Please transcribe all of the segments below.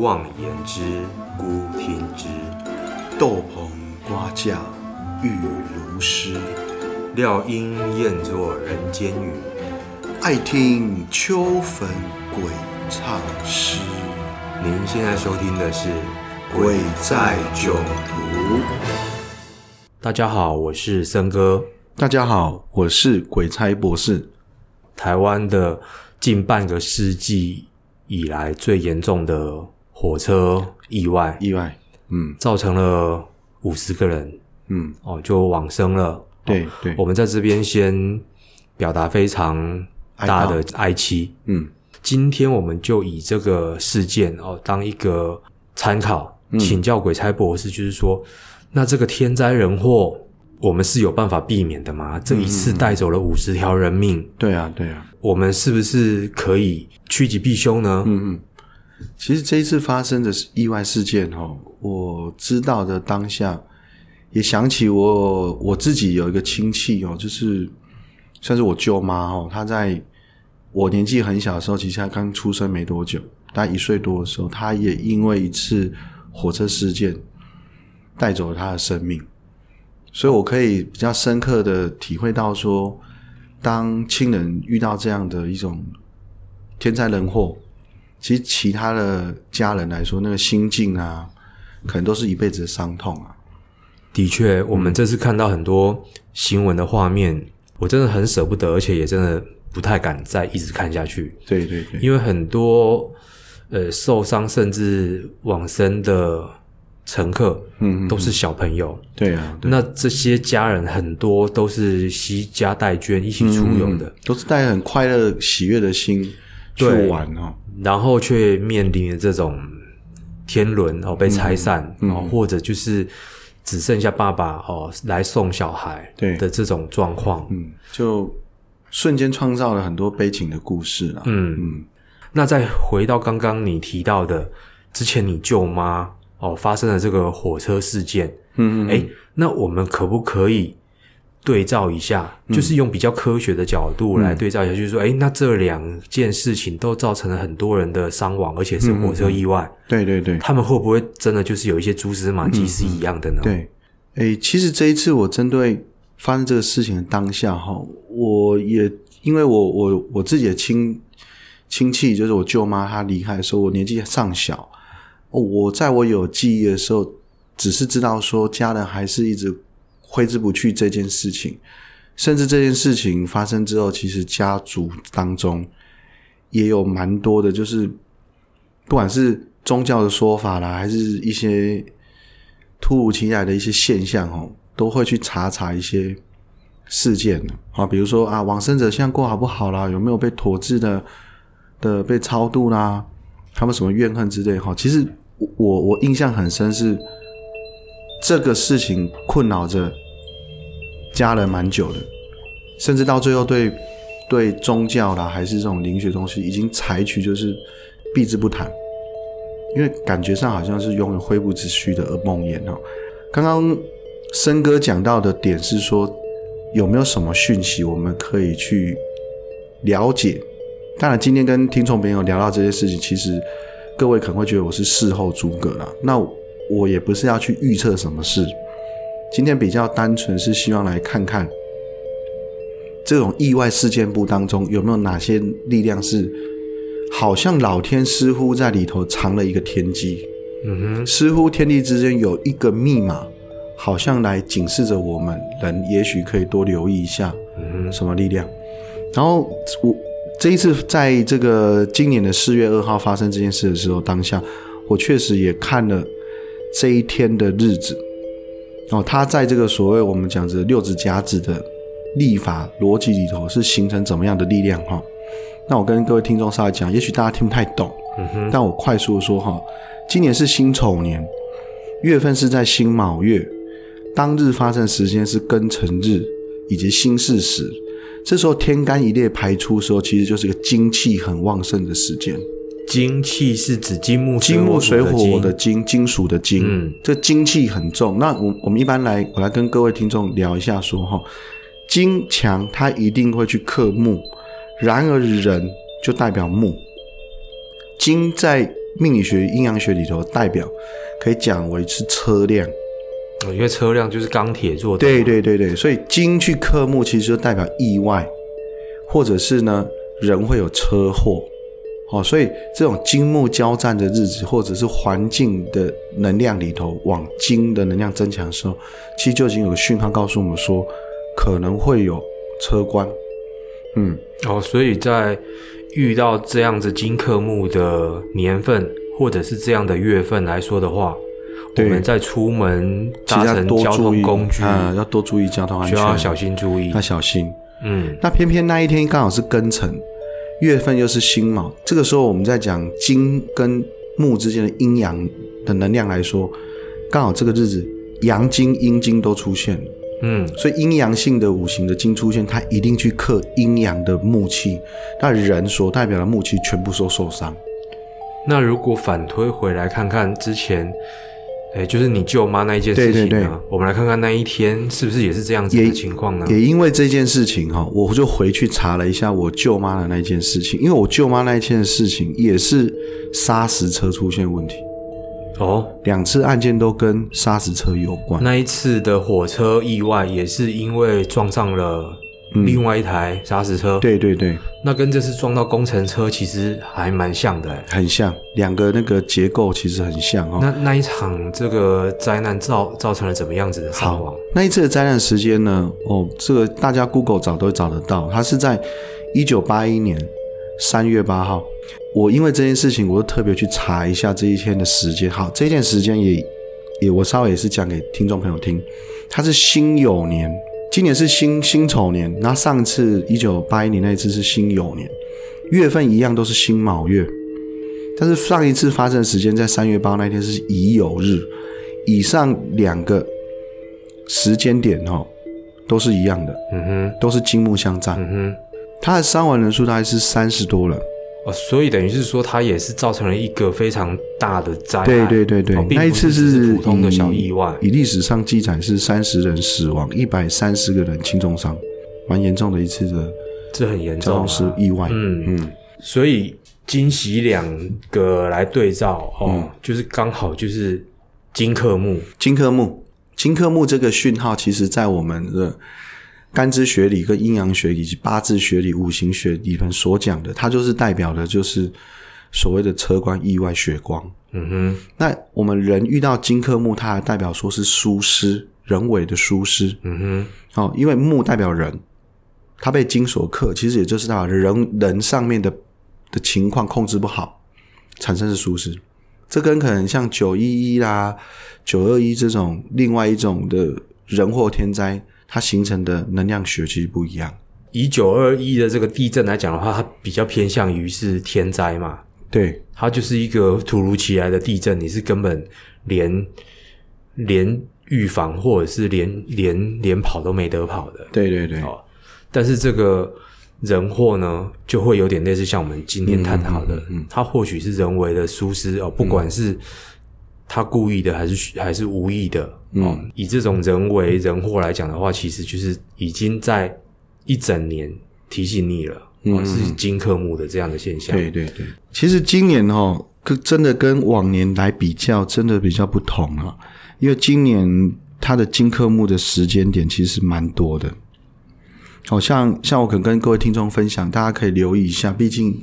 望言之，孤聽之，豆棚瓜架，玉如詩；料應厭作人間語，愛聽秋墳鬼唱詩。您現在收聽的是《鬼在九途》。大家好，我是森哥。大家好，我是鬼差博士。台灣的近半個世紀以來最嚴重的。火車意外，意外，嗯，造成了五十個人，嗯，哦，就往生了。對對、哦，我們在這邊先表達非常大的哀戚。嗯，今天我們就以這個事件哦當一個參考，嗯、請教鬼差博士，就是說，那這個天災人禍，我們是有辦法避免的嗎？嗯、這一次帶走了五十條人命，對啊，對啊，我們是不是可以趨吉避凶呢？嗯嗯。其實這一次發生的意外事件哦，我知道的當下，也想起我我自己有一個親戚哦，就是算是我舅媽哦，她在我年紀很小的時候，其實她剛出生沒多久，大概一歲多的時候，她也因為一次火車事件帶走了她的生命，所以，我可以比較深刻的體會到說，當親人遇到這樣的一種天災人禍。其實其他的家人來說，那個心境啊，可能都是一輩子的傷痛啊。的確，我們這次看到很多新聞的畫面。嗯，我真的很捨不得，而且也真的不太敢再一直看下去。對對對，因為很多呃受傷甚至往生的乘客，嗯、嗯、嗯，都是小朋友。對啊對，那這些家人很多都是攜家帶眷一起出遊的嗯、嗯，都是帶着很快樂喜悅的心去玩哦。然後卻面臨了這種天倫哦被拆散，然、嗯、後、嗯、或者就是只剩下爸爸哦來送小孩的這種狀況，嗯，就瞬間創造了很多悲情的故事嗯嗯，那再回到剛剛你提到的之前你舅媽哦發生了這個火車事件，嗯，嗯，嗯，哎，那我們可不可以？對照一下，嗯，就是用比較科學的角度來對照一下，嗯，就是說，哎、欸，那這兩件事情都造成了很多人的傷亡，而且是火車意外、嗯嗯。對對對，他們會不會真的就是有一些蛛絲馬跡是一樣的呢？嗯、對，哎、欸，其實這一次我針對發生這個事情的當下哈，我也因為我我我自己的親親戚，就是我舅媽她離開的時候，我年紀尚小，我在我有記憶的時候，只是知道說家人還是一直。揮之不去這件事情，甚至這件事情發生之後，其實家族當中也有蠻多的，就是不管是宗教的說法啦，還是一些突如其來的一些現象哦，都會去查查一些事件啊，比如說啊，往生者現在過好不好啦？有沒有被妥治的的被超度啦？他們什麼怨恨之類哈？其實我我印象很深，是這個事情困擾着。加了蠻久的，甚至到最後對，對宗教啦，還是這種靈學東西，已經採取就是避之不談，因為感覺上好像是永遠揮之不去的夢魘哦。剛剛森哥講到的點是說，有沒有什麼訊息我們可以去了解？當然，今天跟聽眾朋友聊到這些事情，其實各位可能會覺得我是事後諸葛了，那我也不是要去預測什麼事。今天比較單純，是希望來看看這種意外事件簿當中有沒有哪些力量是，好像老天似乎在裡頭藏了一個天機，嗯哼，似乎天地之間有一個密碼，好像來警示着我們，人也許可以多留意一下，嗯哼，什麼力量？然後我這一次在這個今年的四月二號發生這件事的時候，當下我確實也看了這一天的日子。哦，它在這個所謂我們講的六十甲子的曆法邏輯裡頭是形成怎麼樣的力量哈、哦？那我跟各位聽眾稍微講，也許大家聽不太懂，嗯、哼但我快速的說哈、哦，今年是辛丑年，月份是在辛卯月，當日發生的時間是庚辰日以及辛巳時，這時候天干一列排出的時候，其實就是一個精氣很旺盛的時間。金氣是指金木金，金木水火，火的金，金屬的金。嗯，這金氣很重。那我我們一般來，我來跟各位聽眾聊一下，說哈，金強它一定會去克木，然而人就代表木。金在命理學、陰陽學裡頭代表，可以講為是車輛，哦、因為車輛就是鋼鐵做的。對對對對，所以金去克木，其實就代表意外，或者是呢人會有車禍。哦，所以這種金木交戰的日子，或者是環境的能量裡頭往金的能量增強的時候，其實就已經有個訊號告訴我們說，可能會有車關。嗯，哦，所以在遇到這樣子金克木的年份，或者是這樣的月份來說的話，我們在出門搭乘交通工具要、呃，要多注意交通安全，需要小心注意，要、啊、小心。嗯，那偏偏那一天剛好是庚辰。月份又是辛卯，這個時候我們在講金跟木之間的陰陽的能量來說，剛好這個日子陽金、陰金都出現，嗯，所以陰陽性的五行的金出現，它一定去克陰陽的木氣，那人所代表的木氣全部都受傷。那如果反推回來看看之前。誒、欸、就是你舅媽那一件事情啊，對對對，我們來看看那一天是不是也是這樣子的情況呢？也，也因為這件事情哈、哦，我就回去查了一下我舅媽的那件事情，因為我舅媽那一件事情也是砂石車出現問題，哦，兩次案件都跟砂石車有關。那一次的火車意外也是因為撞上了。另外一臺砂石車，嗯，對對對，那跟這次撞到工程車其實還蠻像的，欸，很像，兩個那個結構其實很像。哦，那那一場這個災難造造成了怎麼樣子的傷亡？那一次的災難時間呢？哦，這個大家 Google 找都會找得到，它是在一九八一年三月八號。我因為這件事情，我就特別去查一下這一天的時間。好，這件時間也也我稍微也是講給聽眾朋友聽，它是辛酉年。今年是辛辛丑年，那上一次一九八一年那一次是辛酉年，月份一樣都是辛卯月，但是上一次發生的時間在三月八那一天是乙酉日，以上兩個時間點哦，都是一樣的，嗯哼，都是金木相戰，嗯哼，他的傷亡人數大概是三十多人。哦、所以等於是說，它也是造成了一個非常大的災害。對對對對，那一次是普通的小意外。以歷史上記載是三十人死亡，一百三十個人輕重傷，蠻嚴重的一次的。這很嚴重、啊，這是意外。嗯嗯，所以驚喜兩個來對照哦、嗯，就是剛好就是金克木，金克木，金克木這個訊號，其實，在我們的。呃干支學理跟陰陽學以及八字學理、五行學裡邊所講的，它就是代表的，就是所謂的車關意外血光。嗯哼，那我們人遇到金克木，它代表說是疏失，人為的疏失。嗯哼，哦，因為木代表人，它被金所克，其實也就是代表人人上面的的情況控制不好，產生的是疏失。這跟可能像九一一啦、九二一這種另外一種的人禍天災。它形成的能量學其實不一樣。以九二一的這個地震來講的話，它比較偏向於是天災嘛。對，它就是一個突如其來的地震，你是根本連連預防或者是連連連跑都沒得跑的。對對對。哦，但是這個人禍呢，就會有點類似像我們今天探討的，嗯嗯嗯嗯，它或許是人為的疏失哦，不管是他故意的還是還是無意的。哦、嗯，以這種人為人禍來講的話，其實就是已經在一整年提醒你了、嗯哦，是金科目的這樣的現象。對對對，對其實今年哈、哦，跟真的跟往年來比較，真的比較不同啊，因為今年它的金科目的時間點其實蠻多的，好、哦、像像我可能跟各位聽眾分享，大家可以留意一下，畢竟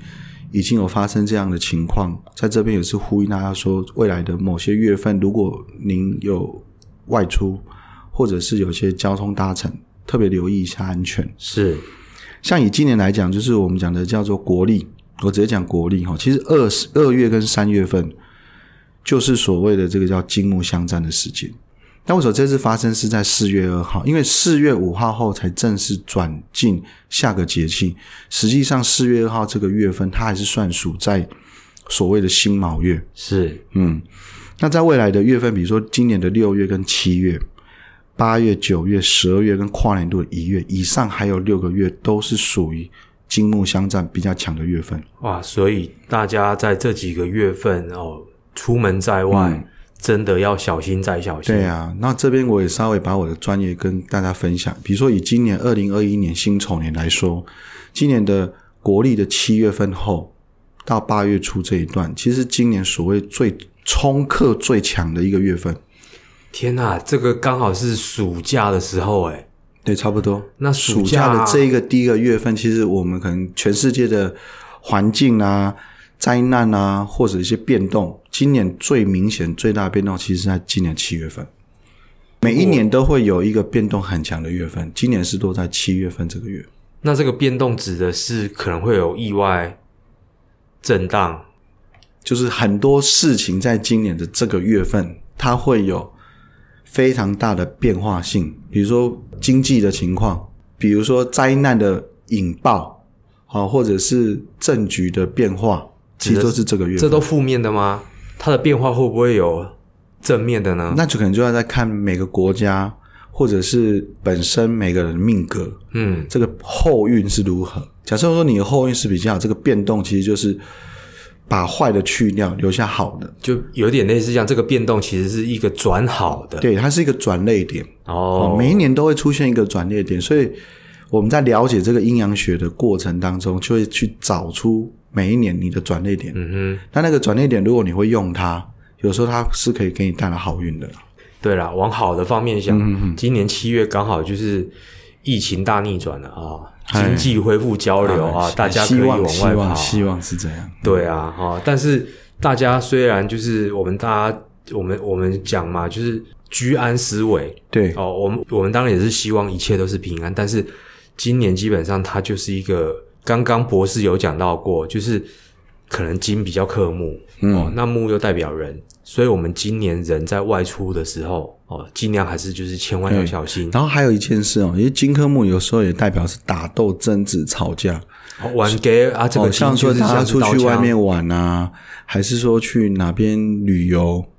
已經有發生這樣的情況，在這邊也是呼籲大家說，未來的某些月份，如果您有。外出，或者是有些交通搭乘，特別留意一下安全。是，像以今年來講，就是我們講的叫做國曆，我直接講國曆哈。其實二二月跟三月份，就是所謂的這個叫金木相戰的時間。那為什麼這次發生是在四月二號？因為四月五號後才正式轉進下個節氣。實際上，四月二號這個月份，它還是算屬在所謂的辛卯月。是，嗯。那在未來的月份，比如說今年的六月，跟七月、八月、九月、十二月，跟跨年度的一月以上，還有六個月，都是屬於金木相戰比較強的月份。哇！所以大家在這幾個月份哦，出門在外，嗯、真的要小心再小心。對啊，那這邊我也稍微把我的專業跟大家分享。比如說以今年二零二一年辛丑年來說，今年的國曆的七月份後到八月初這一段，其實今年所謂最沖剋最強的一個月份，天哪！這個剛好是暑假的時候，哎，對，差不多。那暑假啊，暑假的這個第一個月份，其實我們可能全世界的環境啊、災難啊，或者一些變動，今年最明顯、最大的變動，其實是在今年七月份。每一年都會有一個變動很強的月份，今年是都在七月份這個月，哦。那這個變動指的是可能會有意外震盪。就是很多事情在今年的這個月份，它會有非常大的變化性。比如說經濟的情況，比如說災難的引爆，啊，或者是政局的變化，其實都是這個月份。這都負面的嗎？它的變化會不會有正面的呢？那就可能就要再看每個國家，或者是本身每個人的命格，嗯，這個後運是如何。假設說你的後運是比較好，這個變動，其實就是。把壞的去掉，留下好的，就有點類似像這個變動其實是一個轉好的，對，它是一個轉捩點，哦，每一年都會出現一個轉捩點，所以我們在了解這個陰陽學的過程當中，就會去找出每一年你的轉捩點。嗯嗯，那那個轉捩點，如果你會用它，有時候它是可以給你帶來好運的。對啦，往好的方面想，今年七月剛好就是。疫情大逆轉了啊！經濟恢復交流啊，哎，大家可以往外跑。希望，希望，希望是這樣。對啊，哈！但是大家雖然就是我們大家，我們我們講嘛，就是居安思危。對哦，我們我們當然也是希望一切都是平安，但是今年基本上它就是一個剛剛博士有講到過，就是可能金比較克木哦，那木又代表人。所以，我們今年人在外出的時候哦，儘量還是就是千萬要小心，嗯。然後還有一件事哦，因為金剋木有時候也代表是打鬥、爭執、吵架。哦、玩給啊，這個、哦、像說他出、啊、他出去外面玩啊，還是說去哪邊旅遊，嗯、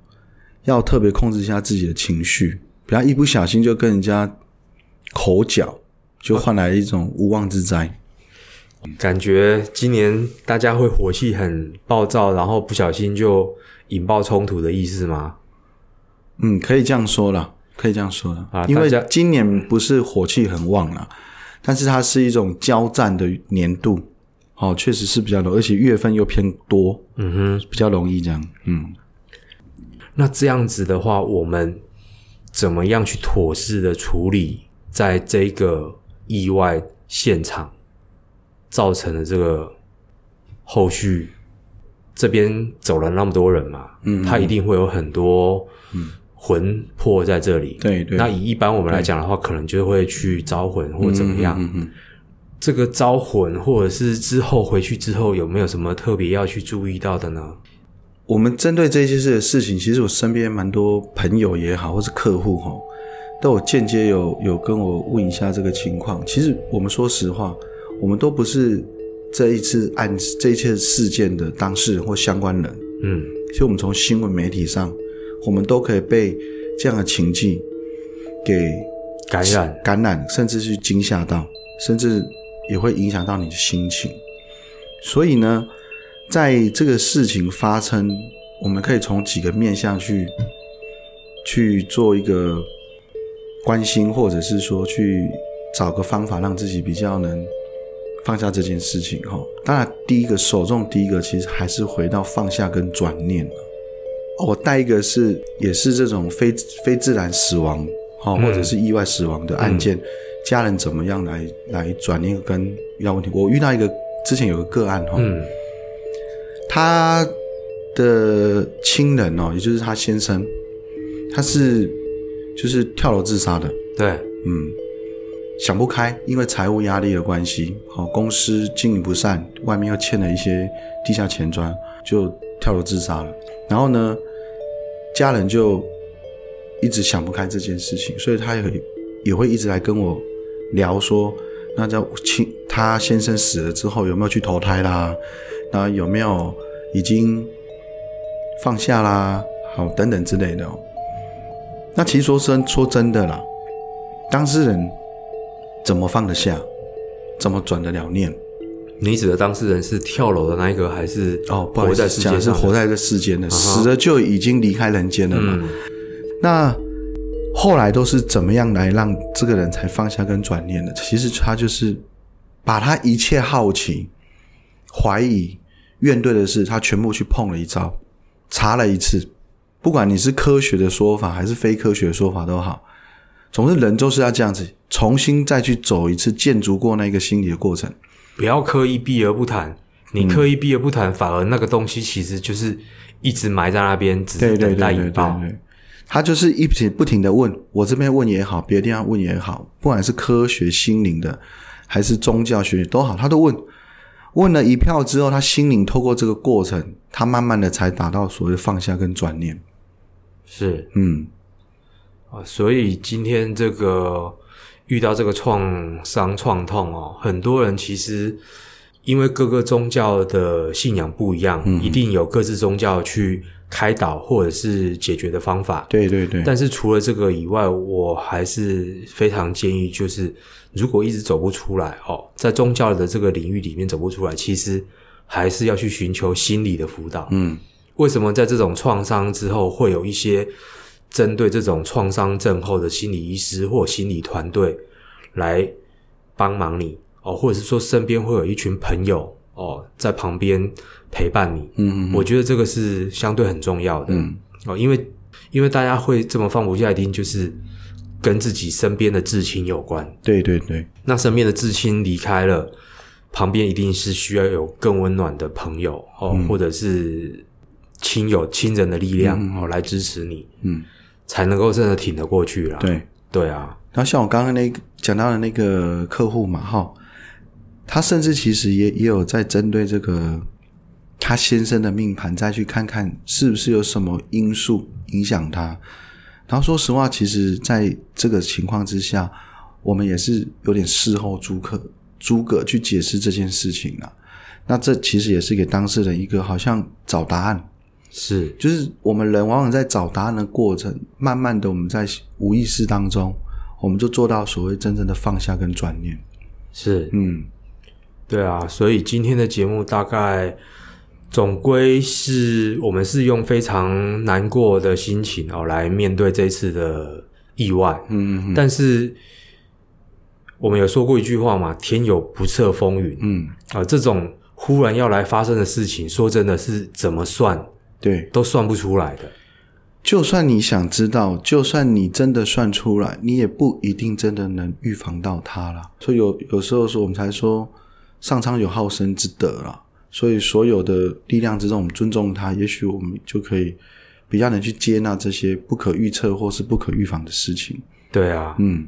要特別控制一下自己的情緒，不要一不小心就跟人家口角，就換來一種無妄之災，嗯。感覺今年大家會火氣很暴躁，然後不小心就。引爆衝突的意思嗎？嗯，可以這樣說了，可以這樣說了啊。因為今年不是火氣很旺了，但是它是一種交戰的年度，哦，確實是比較容易，而且月份又偏多，嗯哼，比較容易這樣。嗯，那這樣子的話，我們怎麼樣去妥適的處理在這個意外現場造成的這個後續？這邊走了那麼多人嘛，嗯，嗯，他一定會有很多魂魄在這裡，對對。那以一般我們來講的話，嗯，可能就會去招魂或怎麼樣。嗯嗯嗯嗯，這個招魂或者是之後回去之後有沒有什麼特別要去注意到的呢？我們針對這些事的事情，其實我身邊蠻多朋友也好，或是客戶哈，都有間接有有跟我問一下這個情況。其實我們說實話，我們都不是。這一次案，這一切事件的當事人或相關人，嗯，其實我們從新聞媒體上，我們都可以被這樣的情境給感染、感染，甚至是驚嚇到，甚至也會影響到你的心情。所以呢，在這個事情發生，我們可以從幾個面向去、嗯、去做一個關心，或者是說去找個方法，讓自己比較能。放下這件事情哈，當然第一個，首重第一個，其實還是回到放下跟轉念。我帶一個是，也是這種非非自然死亡，或者是意外死亡的案件，嗯、家人怎麼樣來來轉念跟遇到問題？我遇到一個之前有個個案哈、嗯，他的親人哦，也就是他先生，他是就是跳樓自殺的，對，嗯。想不開，因為財務壓力的關係，好，公司經營不善，外面又欠了一些地下錢莊，就跳樓自殺了。然後呢，家人就一直想不開這件事情，所以他也也會一直來跟我聊說，那在親他先生死了之後，有沒有去投胎啦？那有沒有已經放下啦？好，等等之類的。那其實說真說真的啦，當事人。怎麼放得下？怎麼轉得了念？你指的當事人是跳樓的那一個，還是哦，活在世界上，是活在這世間的，啊，死了就已經離開人間了嘛，嗯？那後來都是怎麼樣來讓這個人才放下跟轉念的？其實他就是把他一切好奇、懷疑、怨對的事，他全部去碰了一招，嗯、查了一次，不管你是科學的說法還是非科學的說法都好，總是人就是要這樣子。重新再去走一次建築過那個心理的過程，不要刻意避而不談。你刻意避而不談、嗯，反而那個東西其實就是一直埋在那邊，只等待引爆，對對對，對對對對對。他就是一直不停的問，我這邊問也好，別的地方問也好，不管是科學、心靈的還是宗教學都好，他都問。問了一票之後，他心靈透過這個過程，他慢慢的才達到所謂的放下跟轉念。是，嗯，啊，所以今天這個。遇到這個創傷、創痛哦，很多人其實因為各個宗教的信仰不一樣，嗯，一定有各自宗教去開導或者是解決的方法。對對對。但是除了這個以外，我還是非常建議，就是如果一直走不出來哦，在宗教的這個領域裡面走不出來，其實還是要去尋求心理的輔導。嗯，為什麼在這種創傷之後會有一些？針對這種創傷症候的心理醫師或心理團隊來幫忙你哦，或者是說身邊會有一群朋友哦，在旁邊陪伴你，嗯，我覺得這個是相對很重要的，嗯，哦，因為因為大家會這麼放不下，一定就是跟自己身邊的至親有關，對對對，那身邊的至親離開了，旁邊一定是需要有更溫暖的朋友哦，嗯，或者是親友親人的力量，嗯，哦，來支持你，嗯。才能夠真的挺得過去啦。對，對對啊，然後像我剛剛那講到的那個客戶嘛，哈，他甚至其實也也有在針對這個他先生的命盤再去看看是不是有什麼因素影響他。然後說實話，其實在這個情況之下，我們也是有點事後諸葛諸葛去解釋這件事情啊。那這其實也是給當事人一個好像找答案。是，就是我們人往往在找答案的過程，慢慢的，我們在無意識當中，我們就做到所謂真正的放下跟轉念。是，嗯，對啊，所以今天的節目大概總歸是我們是用非常難過的心情哦來面對這一次的意外。嗯，嗯嗯。但是我們有說過一句話嘛，天有不測風雲。嗯，啊、呃，這種忽然要來發生的事情，說真的是怎麼算？對，都算不出來的。就算你想知道，就算你真的算出來，你也不一定真的能預防到它啦。所以有有時候說，我們才說上蒼有好生之德啦。所以所有的力量之中，我們尊重它，也許我們就可以比較能去接納這些不可預測或是不可預防的事情。對啊，嗯，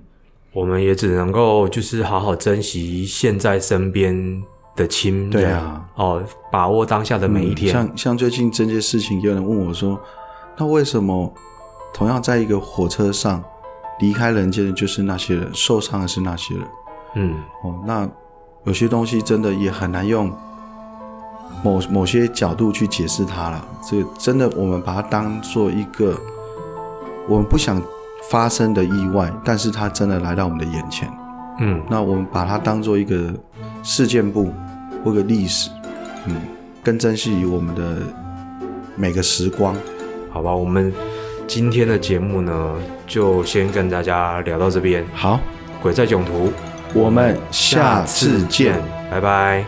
我們也只能夠就是好好珍惜現在身邊的親，對啊，哦，把握當下的每一天。嗯、像像最近這件事情，有人問我說：“那為什麼同樣在一個火車上，離開人間的就是那些人，受傷的是那些人？”嗯，哦，那有些東西真的也很難用某某些角度去解釋它啦。這真的，我們把它當做一個我們不想發生的意外，但是它真的來到我們的眼前。嗯，那我們把它當做一個事件簿，或者歷史，嗯，更珍惜我們的每個時光，好吧？我們今天的節目呢，就先跟大家聊到這邊。好，鬼在囧途我，我們下次見，拜拜。